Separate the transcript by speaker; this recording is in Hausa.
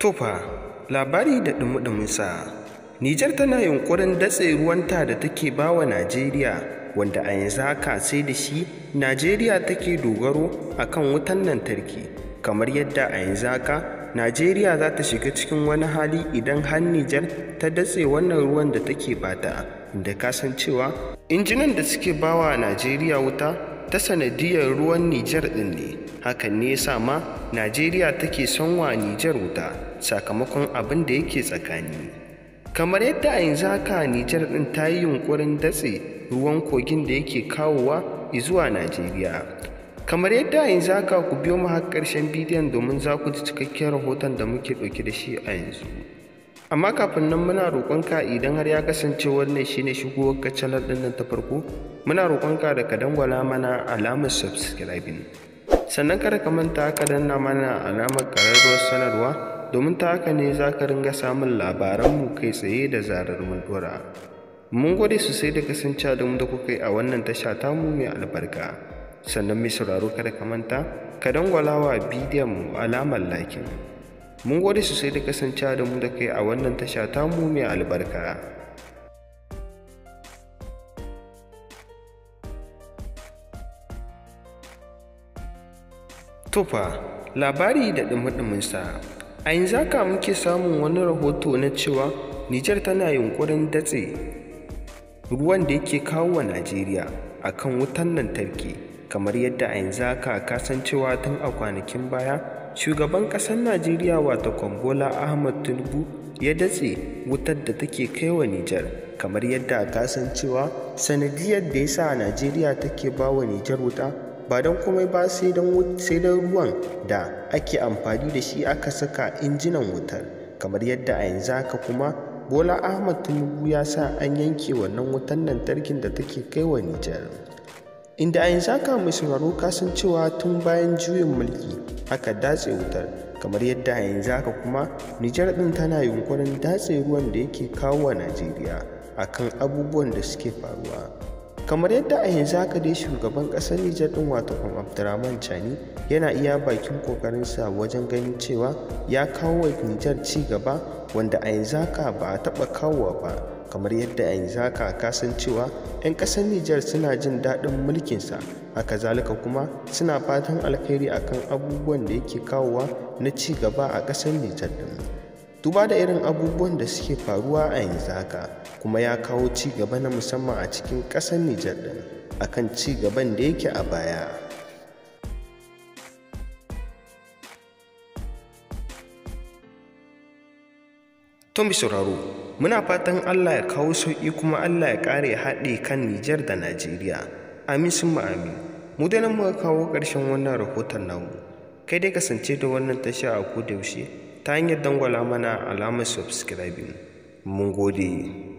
Speaker 1: Tofa, labari da ɗumi sa Nijar tana yunƙurin datse ruwanta da take bawa Najeriya, wanda a yanzu haka sai da shi Najeriya take dogaro a kan wutan lantarki, kamar yadda a yanzu haka Najeriya za ta shiga cikin wani hali idan har Nijar ta datse wannan ruwan da take bata, da kasancewa injinan da suke bawa Najeriya wuta ta sanadiyar ruwan Nijar ɗin ne, hakan ne ya sa ma Najeriya take son wa Nijar wuta. sakamakon abin da yake tsakani kamar yadda a yanzu haka nijar ɗin ta yi yunkurin datse ruwan kogin da yake kawowa zuwa najeriya kamar yadda a yanzu haka ku biyo mu har ƙarshen bidiyon domin za ku ji cikakken rahoton da muke ɗauke da shi a yanzu amma kafin nan muna roƙonka idan har ya kasance wannan shine shigowar ka channel ɗin nan ta farko muna roƙonka da ka dangwala mana alamar subscribing sannan kada ka manta ka danna mana alamar ƙararrawar sanarwa domin ta haka ne za ka ringa samun labaranmu kai tsaye da zarar mun dora mun gode sosai da kasance da mu da kuka yi a wannan tasha mu mai albarka sannan mai sauraro kada ka manta ka dangwala wa bidiyon mu alamar lakin mun gode sosai da kasance da mu da kai a wannan tasha mu mai albarka Tufa labari da ɗumi sa a yanzu haka muke samun wani rahoto na cewa Nijar tana yunkurin datse ruwan da yake kawo wa Najeriya a kan wutan lantarki kamar yadda a yanzu haka kasancewa tun a kwanakin baya shugaban ƙasar Najeriya wato Kwambola Ahmad Tinubu ya datse wutar da take kai wa Nijar kamar yadda a kasancewa sanadiyar da ya sa Najeriya take ba wa Nijar wuta ba don komai ba sai don ruwan da ake amfani da shi aka saka injinan wutar kamar yadda a yanzu haka kuma bola ahmad tinubu ya sa an yanke wannan wutan lantarkin da take kai wa nijar inda a yanzu haka mai sauraro kasan cewa tun bayan juyin mulki aka datse wutar kamar yadda a yanzu haka kuma nijar din tana yunkurin datse ruwan da yake kawo wa najeriya akan abubuwan da suke faruwa kamar yadda a yanzu haka dai shugaban ƙasar nijar ɗin wato abdurrahman chani yana iya bakin ƙoƙarinsa wajen ganin cewa ya kawo wa nijar ci gaba wanda a yanzu haka ba a taɓa kawowa ba kamar yadda a yanzu haka cewa 'yan ƙasar nijar suna jin daɗin mulkinsa a kazalika kuma suna fatan alkhairi akan abubuwan da yake kawowa na ci gaba a ƙasar nijar ɗin duba da irin abubuwan da suke faruwa a yanzu haka kuma ya kawo ci gaba na musamman a cikin ƙasar nijar ɗin akan ci gaban da yake a baya Tommy sauraro muna fatan Allah ya kawo sauki kuma Allah ya ƙare haɗe kan Nijar da Najeriya amin sun ma'amin mu da nan muka kawo ƙarshen wannan rahoton namu kai dai kasance da wannan tasha a koda yaushe ta hanyar dangwala mana alamar subscribing mun gode